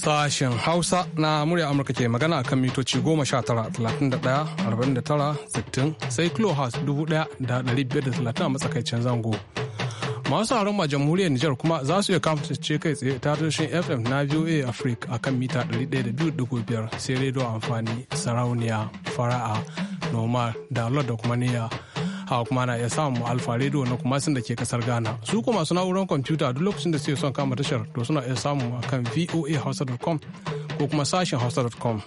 Sashen Hausa na murya Amurka ke magana kan mitoci 19-31-49-60 sai Clohas 1,530 a matsakaicin zango. Masu haron ma jamhuriyar Nijar kuma za su iya kamface kai tsaye ta tushen FM na VOA Africa a kan mita 102.5 sai rediyo amfani sarauniya fara'a noma da da kuma niyya. kuma na iya samun alfa radio na kuma sun da ke kasar ghana su kuma masu na'urar kwamfuta duk lokacin da suke son kama tashar to suna iya samu a kan voahausa.com ko kuma sashen hausa.com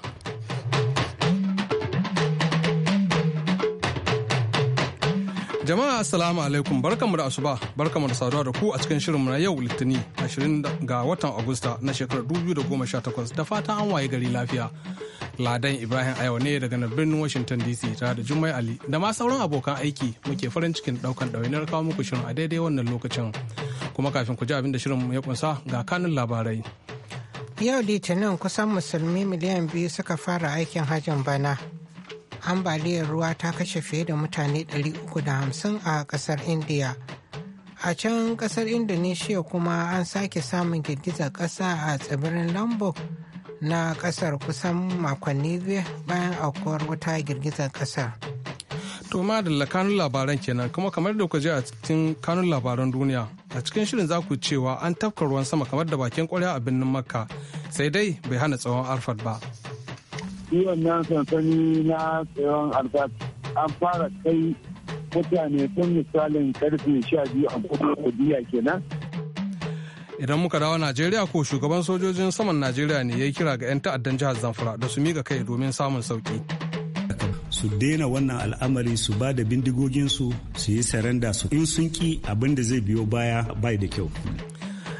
Jama'a assalamu alaikum mu da asuba barkamu da saduwa da ku a cikin shirinmu na yau Litinin 20 ga watan Agusta na shekarar 2018 da fatan an waye gari lafiya. Ladan Ibrahim a ne daga birnin Washington DC tare da Jummai Ali da ma sauran abokan aiki muke farin cikin daukan ɗawainiyar kawo muku shirin a daidai wannan lokacin. Kuma kafin ku ji abin da shirin ya kunsa ga kanun labarai. Yau Litinin kusan musulmi miliyan biyu suka fara aikin hajjin bana. ambaliyar ruwa ta kashe fiye da mutane 350 a kasar india a can kasar indonesia kuma an sake samun girgizar kasa a tsibirin lombok na kasar kusan makonni biyu bayan aukuwar wata girgizar kasar to madalla kanun labaran kenan kuma kamar da ji a cikin kanun labaran duniya a cikin shirin za ku cewa an tafka ruwan sama kamar da bakin kwarya a birnin makka sai dai bai hana tsawon arfad ba shi wannan sansani na tsayon alfas an fara kai mutane tun misalin karfe sha biyu a kudiya kenan idan muka dawo najeriya ko shugaban sojojin saman najeriya ne ya kira ga 'yan ta'addan jihar zamfara da su mika kai domin samun sauki su daina wannan al'amari su ba da bindigoginsu su yi saranda su in sun ki abin da zai biyo baya bai da kyau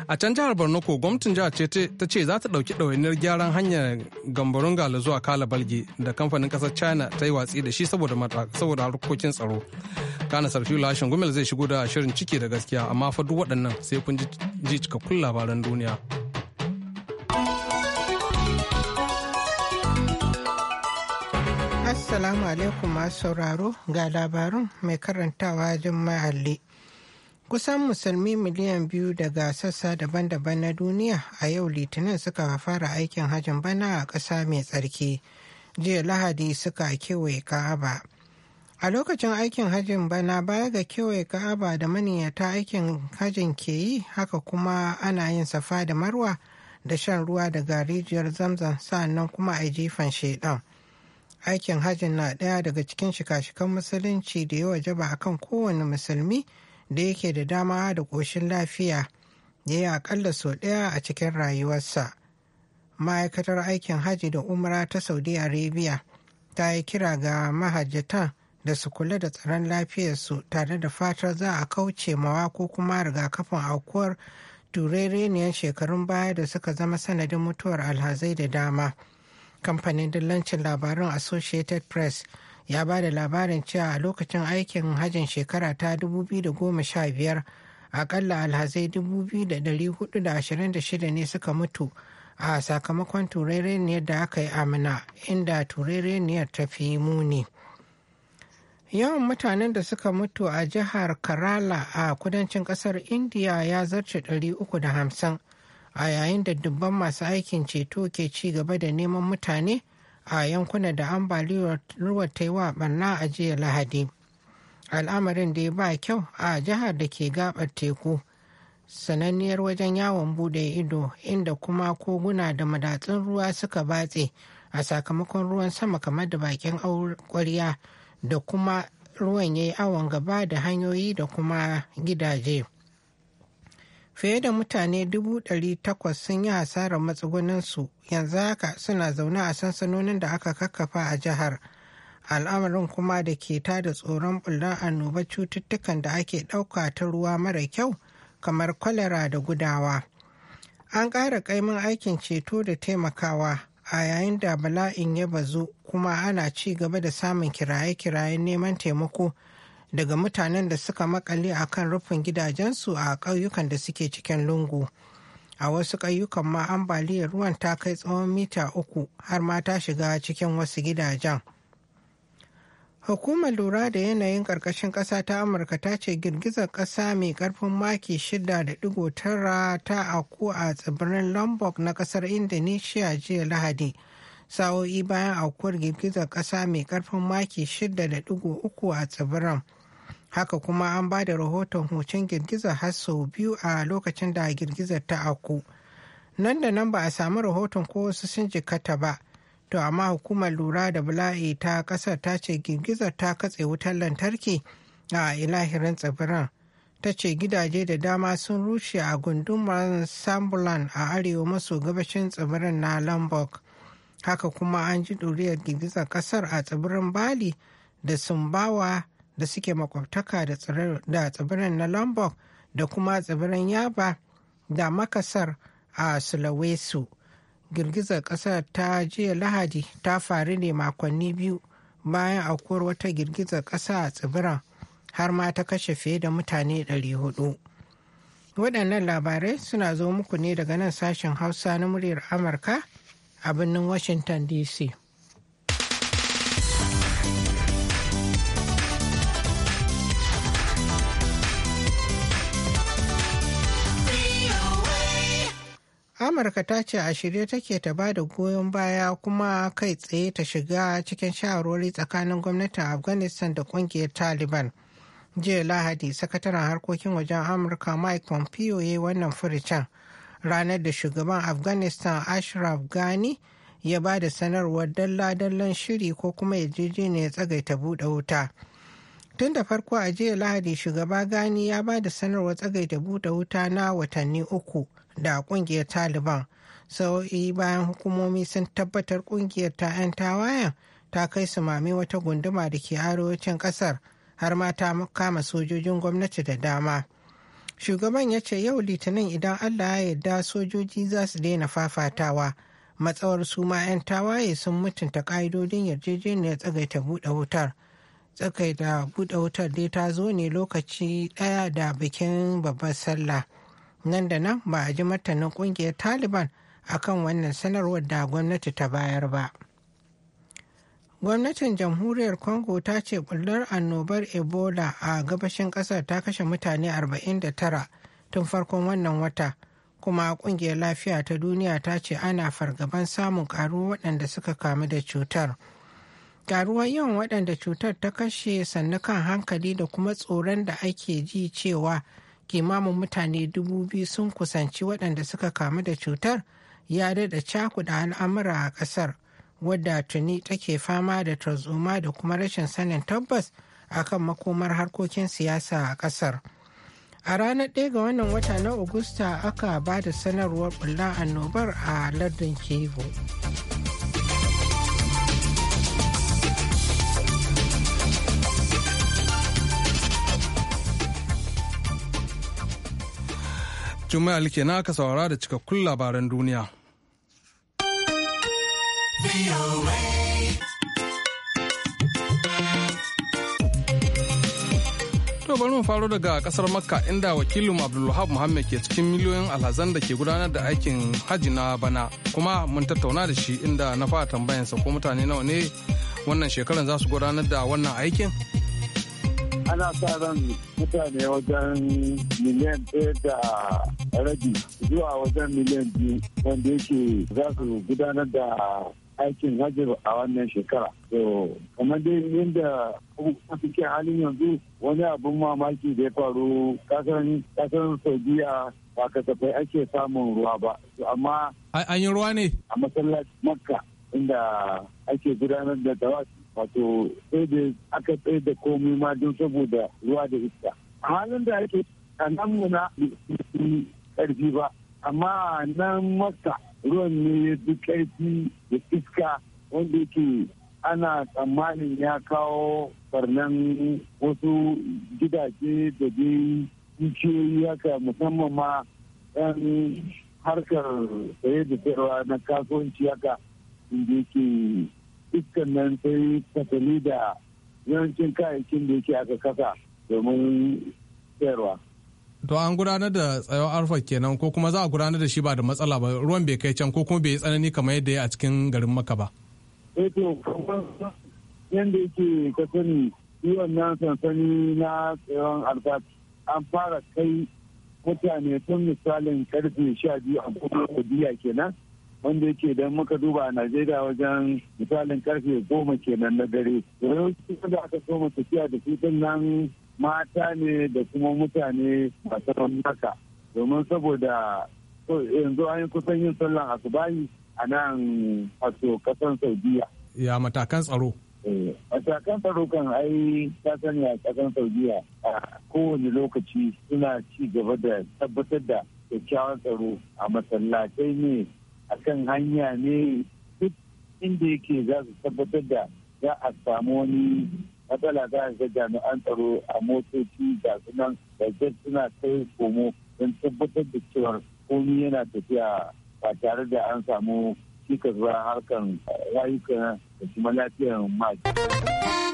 a can jihar borno ko gwamnatin jihar ce ta ce za ta ɗauki ɗawainiyar gyaran hanyar gambarun gala zuwa kala balge da kamfanin kasar china ta yi watsi da shi saboda harkokin tsaro kana sarfi lashin gumel zai shigo da shirin ciki da gaskiya amma fa duk waɗannan sai kun ji cikakkun labaran duniya Assalamu alaikum masu sauraro ga labarun mai karantawa Jummai mahalli kusan musulmi miliyan biyu daga sassa daban-daban na duniya a yau litinin suka fara aikin hajjin bana a ƙasa mai tsarki jiya lahadi suka kewaye ka'aba a lokacin aikin hajjin bana baya ga kewaye ka'aba da maniyata aikin hajjin ke yi haka kuma ana yin safa da marwa da shan ruwa daga rijiyar zamzam sannan kuma a jifan shaidan aikin hajjin na ɗaya daga cikin shika-shikan musulunci da ya wajaba akan kowane musulmi da yake da dama da ƙoshin lafiya ya yi akalla sau ɗaya a cikin rayuwarsa ma'aikatar aikin hajji da umra ta saudi arabia ta yi kira ga mahajjatan da su kula da tsaron lafiyarsu tare da fatar za a kauce mawa ko kuma rigakafin aukuwar turereniyar shekarun baya da suka zama sanadin mutuwar alhazai da dama kamfanin dillancin labarun associated press ya ba da labarin cewa a lokacin aikin hajjin shekara ta 2015 akalla alhazai 2,426 ne suka mutu a sakamakon turereniyar da aka yi amina inda turereniyar ta fi muni yawan mutanen da suka mutu a jihar kerala a kudancin kasar indiya ya zarce 350 a yayin da dubban masu aikin ceto ke ci gaba da neman mutane a yankunan da ambaliyar ruwa ta yi wa barna a jiya lahadi al'amarin da ya ba kyau a jihar da ke gabar teku sananniyar wajen yawon bude ido inda kuma koguna da madatsun ruwa suka batse a sakamakon ruwan sama kamar da bakin kwarya da kuma ruwan ya yi awon gaba da hanyoyi da kuma gidaje fiye da mutane dubu ɗari takwas sun yi hasarar matsugunansu yanzu haka suna zaune a sansanonin da aka kakkafa a jihar al'amarin kuma da ke da tsoron bullar annoba cututtukan da ake ɗauka ta ruwa mara kyau kamar kwalera da gudawa an ƙara ƙaimin aikin ceto da taimakawa a yayin da bala'in ya bazu kuma ana ci gaba da samun kiraye-kirayen neman taimako daga mutanen da suka makale a kan rufin gidajensu a ƙauyukan da suke cikin lungu a wasu ƙauyukan ma ambaliyar ruwan ta kai tsawon mita uku har ma ta shiga cikin wasu gidajen hukumar lura da yanayin ƙarƙashin ƙasa ta amurka ta ce girgizar ƙasa mai ƙarfin maki 6.9 ta aku a tsibirin lombok na ƙasar indonesia jiya lahadi sa'o'i bayan aukuwar girgizar ƙasa mai ƙarfin maki uku a tsibirin haka kuma an ba da rahoton hoton girgizar har sau biyu a lokacin da girgizar ta aku nan da nan ba a samu rahoton ko wasu sun jikata ba to amma hukumar lura da bala'i ta kasar ta ce girgizar ta katse wutar lantarki a ilahirin tsibirin ta ce gidaje da dama sun rushe a gundumar sambulan a arewa maso gabashin tsibirin na lombok haka kuma an ji duriyar girgizar kasar a tsibirin bali da sumbawa da suke makwabtaka da tsibirin na lombok da kuma tsibirin yaba da makasar a Sulawesu, girgizar kasar ta jiya lahadi ta faru ne makonni biyu bayan aukuwar wata girgizar kasa a tsibiran har ma ta kashe fiye da mutane 400 waɗannan labarai suna zo muku ne daga nan sashen hausa na muryar amurka a birnin washington dc amurka ta ce a shirye take ta ba da goyon baya kuma kai tsaye ta shiga cikin shawarwari tsakanin gwamnatin afghanistan da kungiyar taliban jiya lahadi sakataren harkokin wajen amurka mike pompeo ya yi wannan furucin ranar da shugaban afghanistan ashraf ghani ya ba da sanarwar dalla-dallan shiri ko kuma ya ne ya tsagaita buɗe wuta tun da farko a jiya lahadi shugaba gani ya ba da sanarwar tsagaita buɗe wuta na watanni uku da kungiyar taliban sau'i bayan hukumomi sun tabbatar kungiyar ta 'yan tawayen ta kai su mami wata gunduma da ke arewacin kasar har ma ta kama sojojin gwamnati da dama shugaban ya ce yau litinin idan allah ya yarda sojoji za su daina fafatawa matsawar su ma 'yan tawaye sun mutunta ƙa'idodin yarjejeniyar tsagaita buɗe wutar da buɗe wutar dai ta zo ne lokaci ɗaya da bikin babbar sallah nan da nan ba a ji martanin kungiyar taliban a kan wannan sanarwar da gwamnati ta bayar ba gwamnatin jamhuriyar congo ta ce bullar annobar ebola a gabashin kasar ta kashe mutane 49 tun farkon wannan wata kuma kungiyar lafiya ta duniya ta ce ana fargaban samun karuwa waɗanda suka kamu da cutar karuwar yawan waɗanda cutar ta kashe sannu kan hankali da kuma tsoron da ake ji cewa kimamin mutane dubu biyu sun kusanci waɗanda suka kamu da cutar ya daɗa cakuɗa al'amura a ƙasar wadda tuni take fama da tarzoma da kuma rashin sanin tabbas a kan makomar harkokin siyasa a ƙasar. a ranar ɗaya ga wannan wata na Agusta aka ba da sanarwar bulla annobar a lardin Kivu. Jummai Ali kenan aka saurara da cikakkun labaran duniya. To bari mu faro daga kasar Makka inda wakilin Abdulwahab Muhammad ke cikin miliyoyin alhazan da ke gudanar da aikin haji na bana kuma mun tattauna da shi inda na fara tambayansa ko mutane nawa ne wannan shekarar za su gudanar da wannan aikin ana sa ran mutane wajen miliyan ɗaya da rabi zuwa wajen miliyan biyu wanda yake za su gudanar da aikin hajjar a wannan shekara. To, kamar dai yadda kuma suke halin yanzu wani abin mamaki da ya faru kasan Saudiya ba kasafai ake samun ruwa ba. Amma an yi ruwa ne? A masallaci Makka inda ake gudanar da tawafi wato sai da aka tsaye da komai ma don saboda ruwa da iska halin da ake a nan muna karfi ba amma nan masa ruwan ne ya fi karfi da iska wanda yake ana tsammanin ya kawo barnan wasu gidaje da dai dukiyoyi haka musamman ma 'yan harkar saye da sayarwa na kasuwanci haka inda yake iskan nan sai tafali da yawancin kayayyakin da yake aka kasa domin sayarwa. To an gudanar da tsayon arfa kenan ko kuma za a gudanar da shi ba da matsala ba ruwan bai kai can ko kuma bai tsanani kamar yadda ya a cikin garin maka ba. Eh to yadda yake ka sani shi wannan sansani na tsayon arfa an fara kai mutane tun misalin karfe sha biyu a kuma kudiya kenan wanda yake idan muka duba a najeriya wajen misalin karfe goma kenan na dare yawancin da aka soma tafiya da su nan mata ne da kuma mutane masu haka domin saboda yanzu an yi kusan yin sallan asubahi a nan wato kasan saudiya ya matakan tsaro eh, matakan tsaro kan ai ta sani a kasan saudiya a kowane lokaci suna ci gaba da tabbatar da kyakkyawan tsaro a masallatai ne a kan hanya ne duk inda yake za su tabbatar da za a samu wani matsala za a ga jami'an tsaro a motoci ga sunan da suna kai komo don tabbatar da cewa komi yana tafiya ba tare da an samu cikas ba harkan eh, rayuka da kuma lafiyar mata.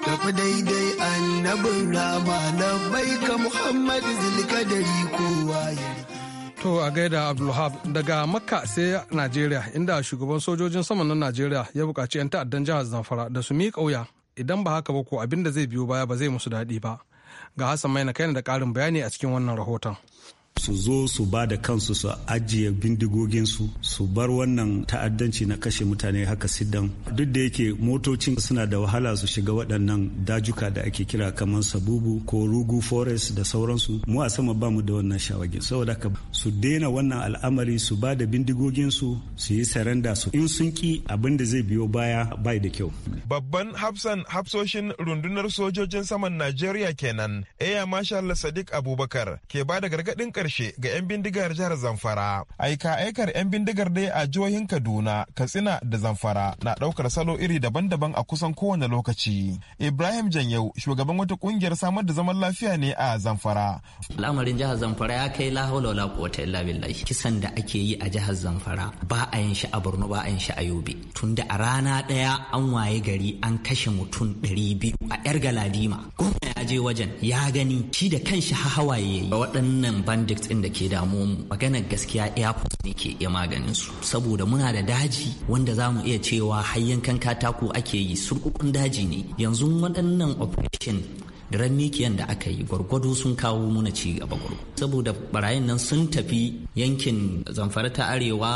Tafi daidai annabin rama na baika Muhammad zilkadari kowa ya To a gaida Abdulhab daga Makka sai Najeriya inda shugaban sojojin sama na Najeriya ya buƙaci 'yan ta'addan jihar Zamfara da su miƙa wuya idan ba haka ba ko abin da zai biyo baya ba zai musu daɗi ba. Ga Hassan Maina kai da ƙarin bayani a cikin wannan rahoton. su zo su ba da kansu su ajiye bindigoginsu su bar wannan ta'addanci na kashe mutane haka siddan duk da yake motocin suna da wahala su shiga waɗannan dajuka da ake kira kamar sabubu ko rugu forest da sauransu mu a sama ba mu da wannan shawagin saboda haka su daina wannan al'amari su ba da bindigoginsu su yi saranda su in sun ki abin da zai biyo baya bai da kyau babban hafsan hafsoshin rundunar sojojin saman najeriya kenan eya marshal sadiq abubakar ke ba da gargaɗin ƙarshe harshe ga 'yan bindigar jihar Zamfara. Aika aikar 'yan bindigar dai a jihohin Kaduna, Katsina da Zamfara na ɗaukar salo iri daban-daban a kusan kowane lokaci. Ibrahim Janyau, shugaban wata ƙungiyar samar da zaman lafiya ne a Zamfara. Al'amarin jihar Zamfara ya kai la haula wala illa billahi. Kisan da ake yi a jihar Zamfara ba a yin shi a Borno ba a yin shi a Yobe. Tunda a rana ɗaya an waye gari an kashe mutum ɗari biyu a 'yar galadima. Gwamna ya je wajen ya gani shi da kanshi hawaye waɗannan bandit conflict ɗin da ke damu mu maganar gaskiya airport ne ke iya maganin su saboda muna da daji wanda za mu iya cewa hayyankan katako ake yi surkukun daji ne yanzu waɗannan operation da ran da aka yi gwargwado sun kawo muna ci gaba saboda barayin nan sun tafi yankin zamfara ta arewa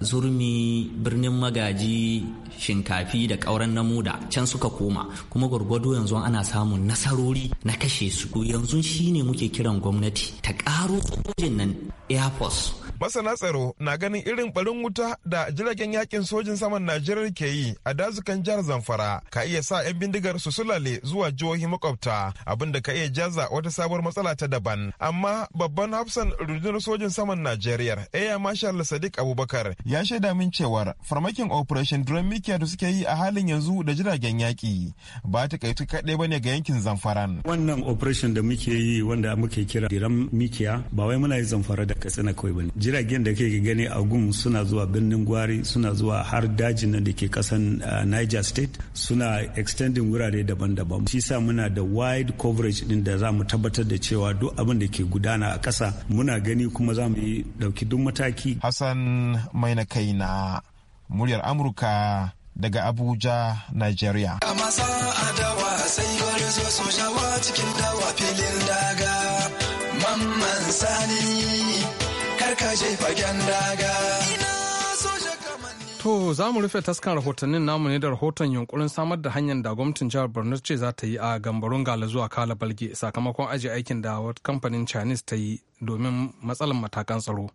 zurmi birnin magaji shinkafi da ƙauren namuda can suka koma kuma gwargwado yanzu ana samun nasarori na kashe su yanzu shine muke kiran gwamnati ta ƙaro sojin nan air force masana tsaro na ganin irin barin wuta da jiragen yakin sojin saman najeriya ke yi a dazukan jihar zamfara ka iya sa 'yan bindigar su sulale zuwa jihohi makwabta tura abin da ka iya jaza wata sabuwar matsala ta daban amma babban hafsan rundunar sojin saman najeriya air marshal sadiq abubakar ya shaida min cewar farmakin operation drum mikiya da suke yi a halin yanzu da jiragen yaki ba ta kai kaitu kaɗai bane ga yankin zamfaran wannan operation da muke yi wanda muke kira drum mikiya ba wai muna yi zamfara da katsina kawai bane jiragen da kake gani a gun suna zuwa birnin gwari suna zuwa har dajin nan da ke kasan ah, niger state suna extending wurare daban-daban shi sa muna da wide coverage din da za mu tabbatar da cewa duk abin da ke gudana a ƙasa muna gani kuma za mu yi ɗauki duk mataki. Hassan mai na kai na muryar Amurka daga Abuja, Nigeria. Mamman sani, karka je fagen daga. To za mu rufe taskan rahotannin namu ne da rahoton yunkurin samar da hanyar da gwamnatin jihar Borno ce za ta yi a gambarun gala zuwa kala balge sakamakon ajiye aikin da kamfanin Chinese ta yi domin matsalar matakan tsaro.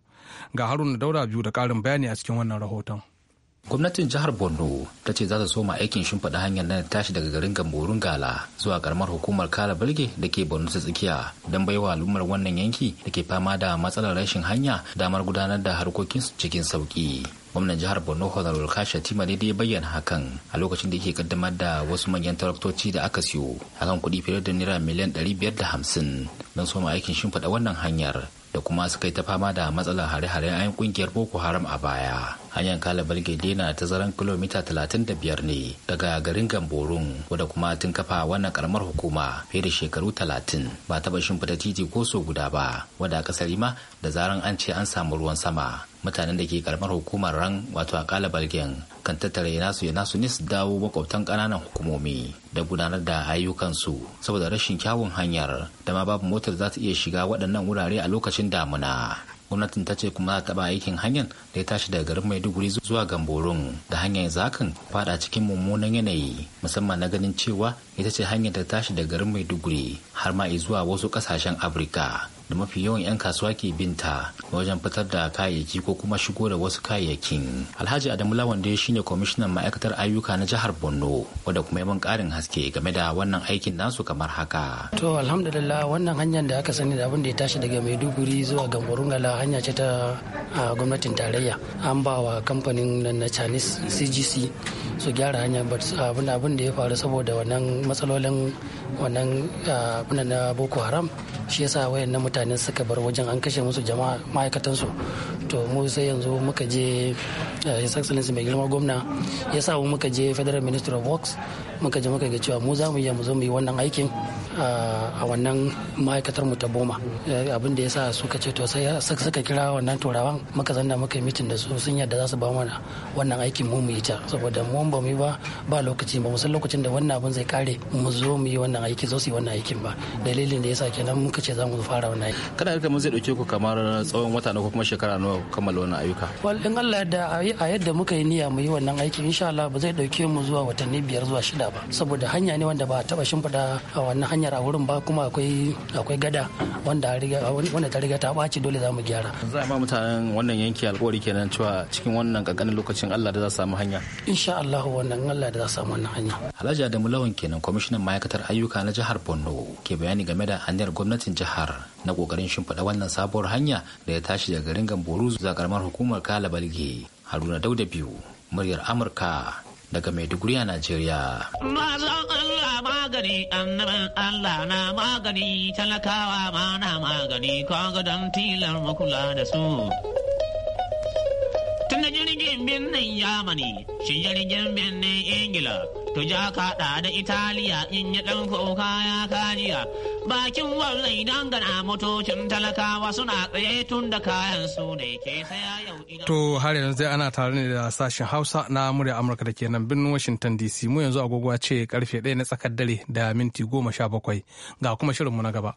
Ga haruna daura biyu da ƙarin bayani a cikin wannan rahoton. gwamnatin jihar borno ta ce za ta soma aikin shimfiɗa hanyar nan tashi daga garin gamborun gala zuwa karamar hukumar kala balge da ke borno ta tsakiya don baiwa al'ummar wannan yanki da ke fama da matsalar rashin hanya damar gudanar da harkokinsu cikin sauki gwamnan jihar borno honorable kasha tima ne ya bayyana hakan a lokacin da yake kaddamar da wasu manyan taraktoci da aka siyo a kan kuɗi fiye da naira miliyan hamsin don soma aikin shimfiɗa wannan hanyar da kuma suka yi ta fama da matsalar hare-haren 'yan kungiyar boko haram a baya hanyar kala balgede na tazaran kilomita 35 ne daga garin gamborun wadda kuma tun kafa wannan karamar hukuma fiye da shekaru 30 ba taba shimfida titi ko so guda ba wadda akasari ma da zaran an ce an samu ruwan sama mutanen da ke karamar hukumar ran wato a kala balgen kan tattara nasu ya nasu ne su dawo makwabtan kananan hukumomi da gudanar da ayyukansu saboda rashin kyawun hanyar da ma babu motar za ta iya shiga waɗannan wurare a lokacin damuna gwamnatin ta ce kuma za taɓa aikin hanyar da ya tashi daga garin maiduguri zuwa gamborun da hanyar zakan fada cikin mummunan yanayi musamman na ganin cewa ita ce hanyar da tashi daga garin maiduguri har ma zuwa wasu kasashen afirka da mafi yawan 'yan kasuwa ke binta wajen fitar da kayayyaki ko kuma shigo da wasu kayayyakin alhaji adamu lawan dai shine kwamishinan ma'aikatar ayyuka na jihar borno wanda kuma yaban karin haske game da wannan aikin nasu kamar haka to alhamdulillah wannan hanyar da aka sani da abin da ya tashi daga maiduguri zuwa gamborungala hanya ce ta gwamnatin tarayya an ba wa kamfanin na chinese cgc su gyara hanya abin da ya faru saboda wannan matsalolin wannan na boko haram shi yasa wayan mutane mutane suka bar wajen an kashe musu jama'a ma'aikatansu to mu sai yanzu muka je eh, his excellency mai girma gwamna ya samu muka je federal minister of works muka je muka ga cewa mu za mu iya mu zo mu yi wannan aikin a wannan ma'aikatar mu ta boma eh, abin da ya sa suka ce to sai suka kira wannan turawan muka zanna muka yi mitin da su sun yadda za su ba mana wannan aikin mu mu yi ta saboda mu ba mu yi ba ba lokaci ba mu san lokacin da wannan abin zai kare mu zo mu yi wannan aiki zo su yi wannan aikin ba dalilin da ya sa kenan muka ce za mu fara wannan aiki kada ayyuka mun zai dauke ku kamar tsawon wata na ko kuma shekara nawa kammala wannan ayyuka wal in Allah da a yadda muka yi niyya mu yi wannan aikin insha Allah ba zai dauke mu zuwa watanni biyar zuwa shida ba saboda hanya ne wanda ba a taba shimfida a wannan hanyar a wurin ba kuma akwai akwai gada wanda wanda ta riga ta ɓaci dole za mu gyara za ma mutanen wannan yanki alƙawari kenan cewa cikin wannan kankanin lokacin Allah da za samu hanya insha Allah wannan Allah da za samu wannan hanya Alhaji Adamu Lawan kenan kwamishinan ma'aikatar ayyuka na jihar Borno ke bayani game da hanyar gwamnatin jihar na kokarin shimfiɗa wannan sabuwar hanya da ya tashi daga garin gamboru zuwa karamar hukumar kala balge haruna dauda biyu muryar amurka daga maiduguri a najeriya magani annaban Allah na magani talakawa ma na magani kaga don tilar makula da su tun da jirgin birnin yamani shi jirgin birnin ingila to ja kaɗa da italiya in ya ɗan kuka ya kajiya bakin wallai dangana motocin talakawa suna tsaye tun da kayan su ne ke saya yau idan to har yanzu dai ana tare ne da sashen hausa na murya amurka da ke nan birnin washington dc mu yanzu agogo ce karfe ɗaya na tsakar dare da minti goma sha bakwai ga kuma shirinmu na gaba.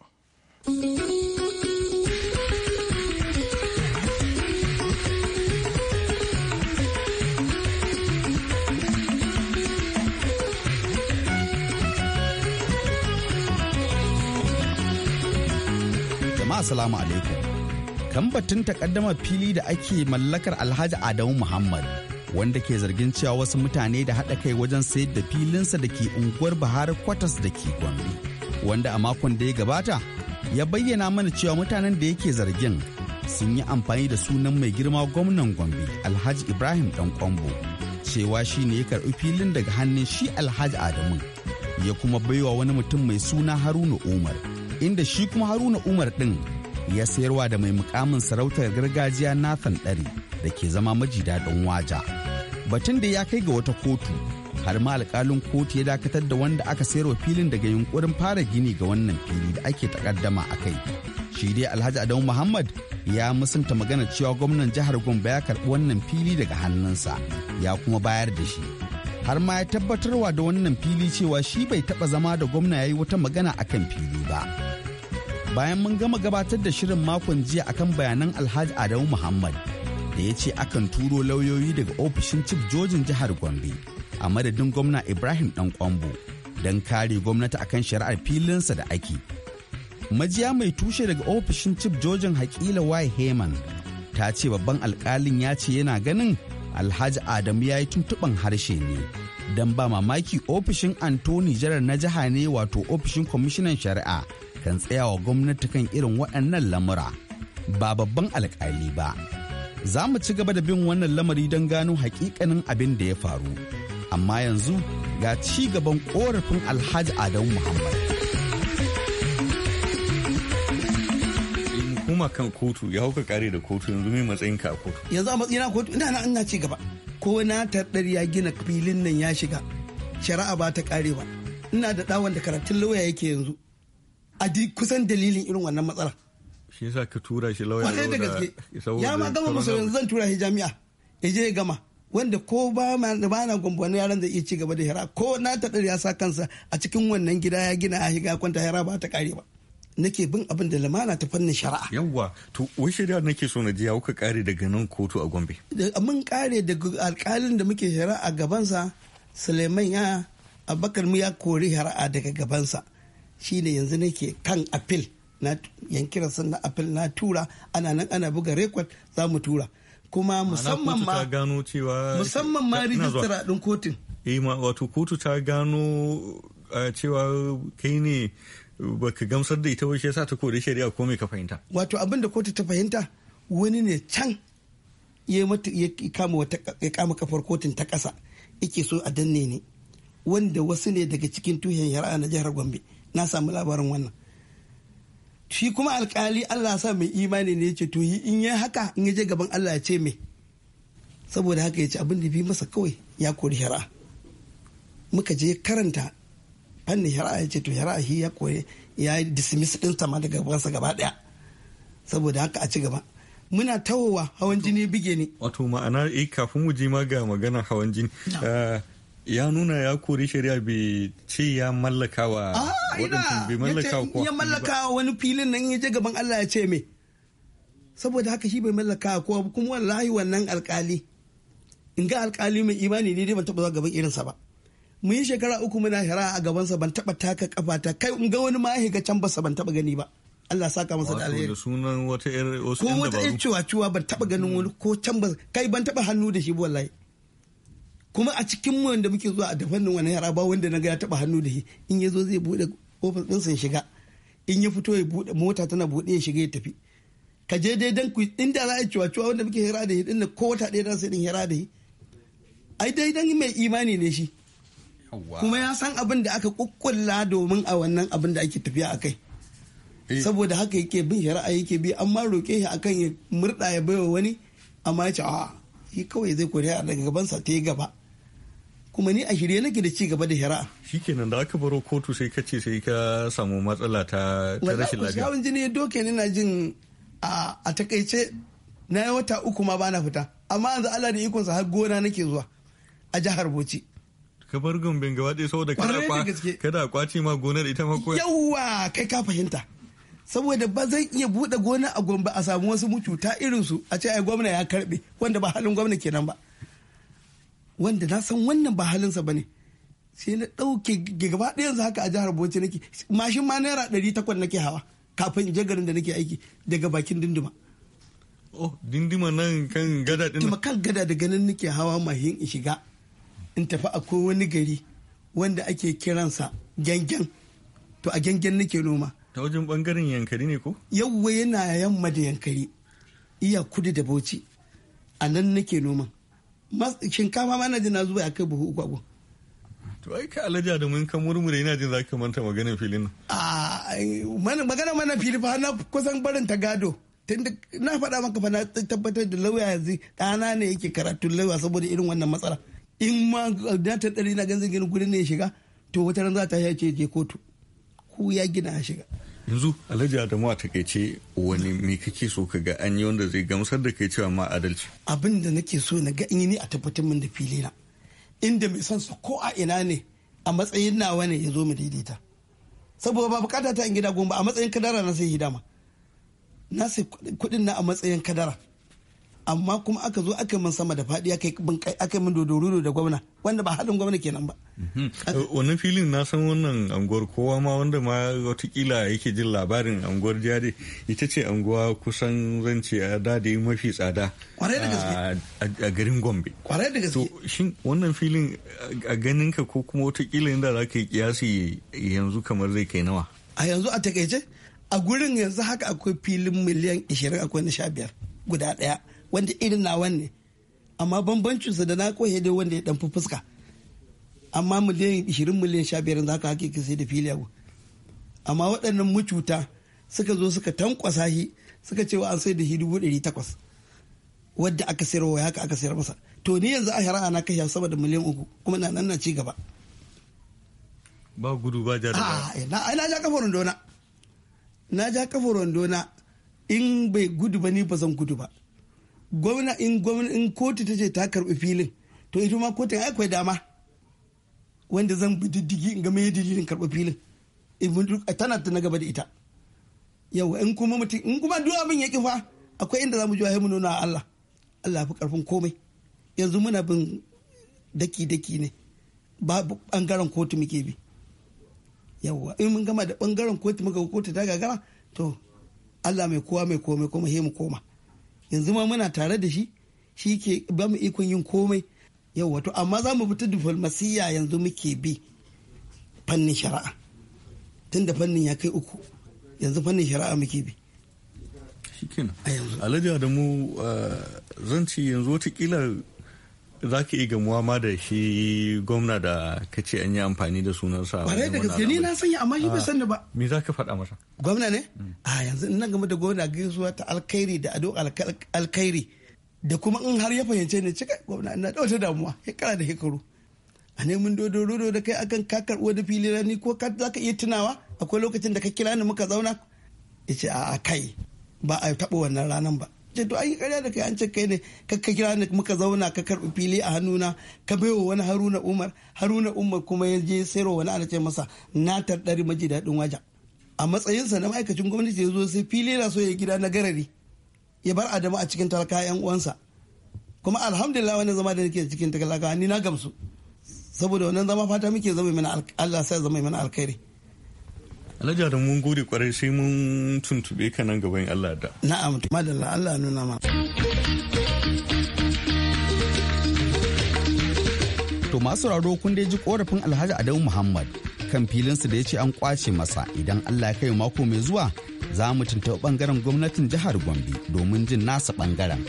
Assalamu alaikum. Kan batun takaddama fili da ake mallakar Alhaji Adamu Muhammad wanda ke zargin cewa wasu mutane da haɗa kai wajen sayar da filinsa da ke unguwar Bahar Kwatas da ke Gombe. Wanda a makon da ya gabata ya bayyana mana cewa mutanen da yake zargin sun yi amfani da sunan mai girma gwamnan Gombe Alhaji Ibrahim Dan Kwambo cewa shi ne ya karɓi filin daga hannun shi Alhaji Adamu ya kuma baiwa wani mutum mai suna Haruna Umar. inda shi kuma haruna umar ɗin ya sayarwa da mai mukamin sarautar gargajiya Nathan Ɗari da ke zama maji daɗin waja. Batun da ya kai ga wata kotu, har ma alƙalin kotu ya dakatar da wanda aka sayar wa filin daga yunkurin fara gini ga wannan fili da ake takaddama a kai. Shi dai Alhaji Adamu Muhammad ya musanta magana cewa gwamnan jihar Gombe ya karɓi wannan fili daga hannunsa ya kuma bayar da shi. Har ma ya tabbatarwa da wannan fili cewa shi bai taɓa zama da gwamna ya yi wata magana akan fili ba. bayan mun gama gabatar da shirin makon jiya akan bayanan alhaji adamu muhammad da ya ce akan turo lauyoyi daga ofishin cif jojin jihar gombe a madadin gwamna ibrahim dan kwambo don kare gwamnati akan shari'ar filinsa da ake majiya mai tushe daga ofishin cif jojin hakila wai heman ta ce babban alkalin ya ce yana ganin alhaji adamu ya yi tuntuɓan harshe ne don ba mamaki ofishin antoni jarar na jiha ne wato ofishin kwamishinan shari'a kan tsayawa gwamnati kan irin waɗannan lamura ba babban alƙali ba za mu ci gaba da bin wannan lamari don gano haƙiƙanin abin da ya faru amma yanzu ga ci gaban ƙorafin alhaji adamu muhammad kuma kan kotu ya hauka kare da kotu yanzu mai matsayin ka a kotu yanzu a matsayina kotu ina na ina ci gaba ko na tardar ya gina filin nan ya shiga shari'a ba ta kare ba ina da dawon da karatun lauya yake yanzu a kusan dalilin irin wannan matsala. shi yasa ka tura shi lauya kwarai da gaske ya ma gama musu yanzu zan tura shi jami'a ya je ya gama wanda ko ba na ba na yaran zai iya ci gaba da hira ko na ta ya sa kansa a cikin wannan gida ya gina a shiga kwanta hira ba ta kare ba nake bin abin da lamana ta fannin shari'a yawwa to wai shari'a nake so na ji ya kuka kare daga nan kotu a Gombe mun kare daga alkalin da muke shari'a gabansa Suleiman ya Abubakar mu ya kori shari'a daga gabansa shine yanzu nake kan apil na yankiran na apil na tura ana nan ana buga rekod za mu tura kuma musamman ma gano cewa musamman ma rijistara din kotun eh wato kotu ta gano cewa kai ne baka gamsar da ita wace sa ta kore shari'a ko me ka fahimta wato abin da kotu ta fahimta wani ne can ya kama kafar kotun ta ƙasa yake so a danne ne wanda wasu ne daga cikin tuhen yara na jihar gombe na samu labarin wannan shi kuma alkali allah sa mai imani ne ce to in yi haka in je gaban allah ya ce mai saboda haka ya ce abin da bi masa kawai ya kori yara muka je karanta fannin yara ya ce to yara shi ya kori ya yi dismiss din sama daga gabansa gaba daya saboda haka a ci gaba muna tawowa hawan jini bige ne. wato ma'ana eh, kafin mu je ma ga magana hawan jini ya nuna ya kori shari'a bi ce ya mallaka wa ah, waɗansu bi mallaka wa ya mallaka wa wani filin nan ya je gaban Allah ya ce me saboda haka shi bai mallaka ko kuma wallahi wannan alkali in ga alkali mai imani ne dai ban taɓa zuwa gaban irinsa ba mun yi shekara uku muna shara a gaban sa ban taɓa taka ta kai in ga wani mahiga can sa ban taɓa gani ba Allah saka masa da alheri sunan wata yar wasu ko wata ciwa ciwa ban taɓa ganin wani ko can ba kai ban taɓa hannu da shi wallahi kuma a cikin mu wanda muke zuwa a dafannin wani yara ba wanda na ga ya taba hannu da shi in ya zo zai bude kofar ɗinsa ya shiga in ya fito ya bude mota tana bude ya shiga ya tafi ka je dai dan ku inda za a cewa cewa wanda muke hira da shi din ko wata ɗaya dan sai din hira da shi ai dai dan mai imani ne shi kuma ya san abin da aka kukkulla domin a wannan abin da ake tafiya a kai eh. saboda haka yake bin shari'a yake bi amma roke shi akan ya murda ya baiwa wani amma ya ce a'a shi kawai zai kore a daga gabansa ta yi gaba kuma ni a shirye nake da ci gaba da shari'a shikenan da aka baro kotu sai ka ce sai ka samu matsala ta rashin lafiya wannan jini doke ne na jin a takaice na yi wata uku ma bana fita amma yanzu Allah da ikonsa har gona nake zuwa a jihar Bauchi ka bar gumbin gaba ɗaya saboda kada kwa kada kwace ma gonar ita ma koya. yawa kai ka fahimta saboda ba zan iya buɗe gona a gombe a samu wasu mu cuta irin su a ce ai gwamna ya karbe wanda ba halin gwamna kenan ba wanda na san wannan ba halinsa ba ne sai na ɗauke gaba ɗaya yanzu haka a jihar bauchi nake mashin ma naira ɗari takwas nake hawa kafin je garin da nake aiki daga bakin dinduma oh dinduma nan kan gada din kan gada daga nan nake hawa mahin in shiga in tafi akwai wani gari wanda ake kiransa gyangyan to a gyangyan nake noma ta wajen bangaren yankari ne ko yawwa yana yamma da yankari iya kudu da bauchi a nan nake noman shinkafa ma na zuwa na ya kai buhu uku to ai ka alaja da mun kan murmure ina jin zaka manta maganar filin nan mana magana mana fili fa na kusan barin ta gado tunda na faɗa maka fa na tabbatar da lauya yanzu ɗana ne yake karatu lauya saboda irin wannan matsala in ma na ta ɗari na ganzan gani gudun ne ya shiga to wata ran za ta ya ce je kotu ku ya gina ya shiga yanzu alhaji adamu a takaice wani me kake so ka ga an yi wanda zai gamsar da kai cewa ma adalci abin da nake so na ga ni yi a tabbatar min da fili na inda mai son sa ko a ina ne a matsayin nawa ne ya zo mu daidaita saboda ba bukata ta in gida goma a matsayin kadara na sai hidama na sai kudin na a matsayin kadara amma kuma aka zo aka min sama da faɗi aka min dodoro da gwamna wanda ba halin gwamna kenan ba. Mhm. wannan filin na san wannan anguwar kowa ma wanda ma watakila yake jin labarin anguwar jade ita ce anguwa kusan zan ce a dade mafi tsada a garin gombe kwarai da gaske shin wannan filin a ganin ka ko kuma watakila inda za ka yi kiyasi yanzu kamar zai kai nawa a yanzu a takaice a gurin yanzu haka akwai filin miliyan 20 akwai na 15 guda daya wanda irin na wanne amma bambancinsa da na koya dai wanda ya dan fi fuska amma miliyan 20 miliyan 15 za ka haƙe ka sai da filiyago amma waɗannan mucuta suka zo suka tankwasa shi suka cewa an sai da shi dubu ɗari takwas wadda aka sayar wa haka aka sayar masa to ni yanzu a shari'a na kashe sama da miliyan uku kuma na nan na ci gaba ba gudu ba ja ah, na na ja kafa rondona na ja kafa rondona in bai gudu ba ni ba zan gudu ba gwamna in gwamna in kotu ta ce ta karbi filin to ita ma kotun akwai dama wanda zan bi diddigi in ga me dalilin karɓi filin tana ta na gaba da ita yau in kuma mutum in kuma duk abin ya kifa akwai inda zamu ji mu nuna Allah Allah fi karfin komai yanzu muna bin daki daki ne ba bangaren kotu muke bi yawwa in mun gama da bangaren kotu muka kotu ta gagara to Allah mai kowa mai komai kuma he mu koma yanzu ma muna tare da shi shi ke ba mu ikon yin komai yau wato amma za mu fita diflomasiyya yanzu muke bi fannin shari'a tun da fannin ya kai uku yanzu fannin shari'a muke bi yanzu alhaji adamu eh, zan ce yanzu watakila za ka iya gamuwa ma da shi gwamna da ka ce an yi amfani da sunansa ba da gaske ni na sanya amma shi bai ah, san ba me za ka faɗa masa gwamna ne hmm. a yanzu ina game da gwamna gaisuwa ta alkhairi da ado alkhairi da kuma in har ya fahimce ni cika gwamna ina da wata damuwa ya kara da hekaru a mun dodo rodo da kai akan ka karɓo da fili rani ko ka za ka iya tunawa akwai lokacin da ka kira ni muka zauna ya ce a'a kai ba a taɓa wannan ranan ba ce to ai ƙarya da kai an ce kai ne ka kira ni muka zauna ka karbi fili a hannuna ka baiwa wani haruna umar haruna umar kuma ya je sayarwa wani ana ce masa na tarɗari maji daɗin waja a matsayinsa na ma'aikacin gwamnati ya zo sai fili na so ya gida na garari ya bar adamu a cikin talaka yan uwansa kuma alhamdulillah wani zama da nake cikin talaka ni na gamsu saboda wannan zama fata muke zama mana Allah sai zama mana alkhairi Alhaji Adamu mun gode kwarai sai mun tuntube ka nan gaban Allah da. Na'am, madalla Allah nuna ma. To masu raro kun dai ji korafin Alhaji Adamu Muhammad kan filinsu da ya ce an kwace masa idan Allah ya kai mako mai zuwa za mu tuntuɓi bangaren gwamnatin jihar Gombe domin jin nasa bangaren.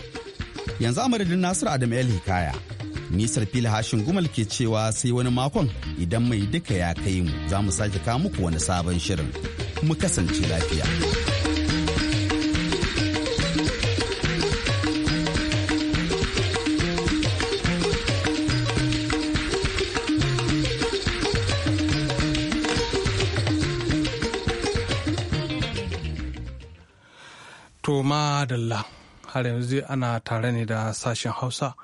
Yanzu a madadin Nasiru Adamu El Hikaya Nisar fili hashin gumal ke cewa sai wani makon idan mai duka ya kai mu za mu sake kawo muku wani sabon shirin. Mu kasance lafiya. To ma har yanzu ana tare ne da sashen Hausa.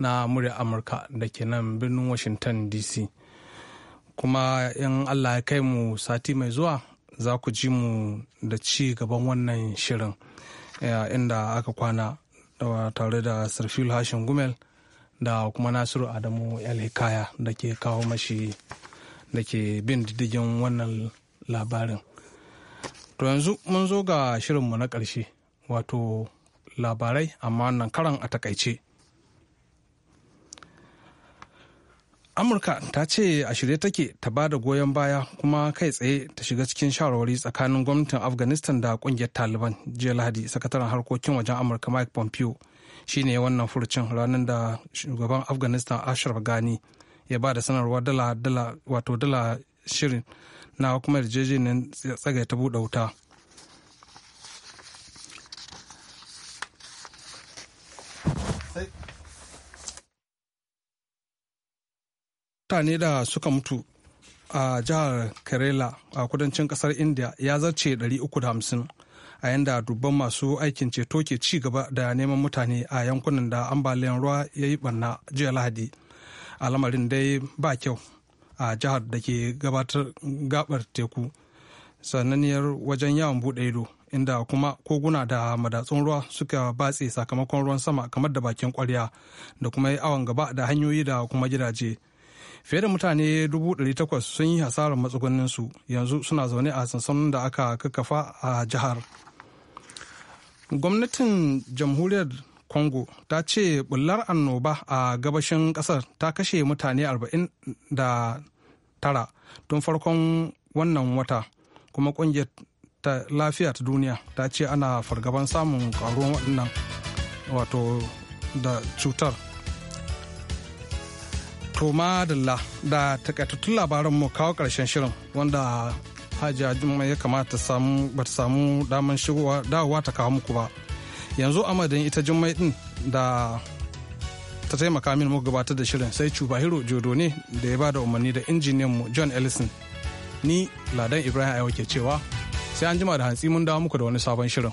na murya amurka da ke nan birnin washington dc kuma in allah ya kai mu sati mai zuwa za ku ji mu da ci gaban wannan shirin eh, inda aka kwana tare da sarfil hashin gumel da kuma nasiru adamu hikaya da ke kawo mashi da ke bin diddigin wannan labarin to yanzu mun zo ga shirinmu na ƙarshe wato labarai amma wannan karan a takaice amurka ta ce a shirye take ta ba da goyon baya kuma kai tsaye ta shiga cikin shawarwari tsakanin gwamnatin afghanistan da kungiyar taliban jiya lahadi sakataren harkokin wajen amurka mike pompeo shine wannan furucin ranar da shugaban afghanistan ashraf gani ya ba da sanarwar dala dala wato dala shirin na kuma yarjejeniyar tsagaita buɗe wuta mutane da suka mutu a jihar kerala a kudancin kasar india ya zarce 350 a yanda dubban masu aikin ceto ke ci gaba da neman mutane a yankunan da ambaliyar ruwa ya yi barna jiya lahadi a lamarin dai ba kyau a jihar da ke gabatar gabar teku sananniyar wajen yawon bude ido inda kuma koguna da madatsun ruwa suka batse sakamakon ruwan sama kamar da bakin kwarya da kuma yi awon gaba da hanyoyi da kuma gidaje fiye da mutane 800 sun yi hasarar matsugunninsu yanzu suna zaune a sansanin da aka kakkafa a jihar gwamnatin jamhuriyar congo ta ce bullar annoba a gabashin kasar ta kashe mutane 49 tun farkon wannan wata kuma kungiyar ta lafiya ta duniya ta ce ana fargaban samun karuwan waɗannan wato da cutar toma madalla da takaitattun labaran mu kawo karshen shirin wanda Hajiya Juma ya kamata samu ta samu daman shigowa dawowa ta kawo muku ba. Yanzu amadin ita Jummai din da ta taimaka min muka gabatar da shirin sai Cubahiro Jodo ne da ya bada umarni da injiniyan mu John Ellison. Ni Ladan Ibrahim Ayo ke cewa sai an jima da hantsi mun dawo muku da wani sabon shirin.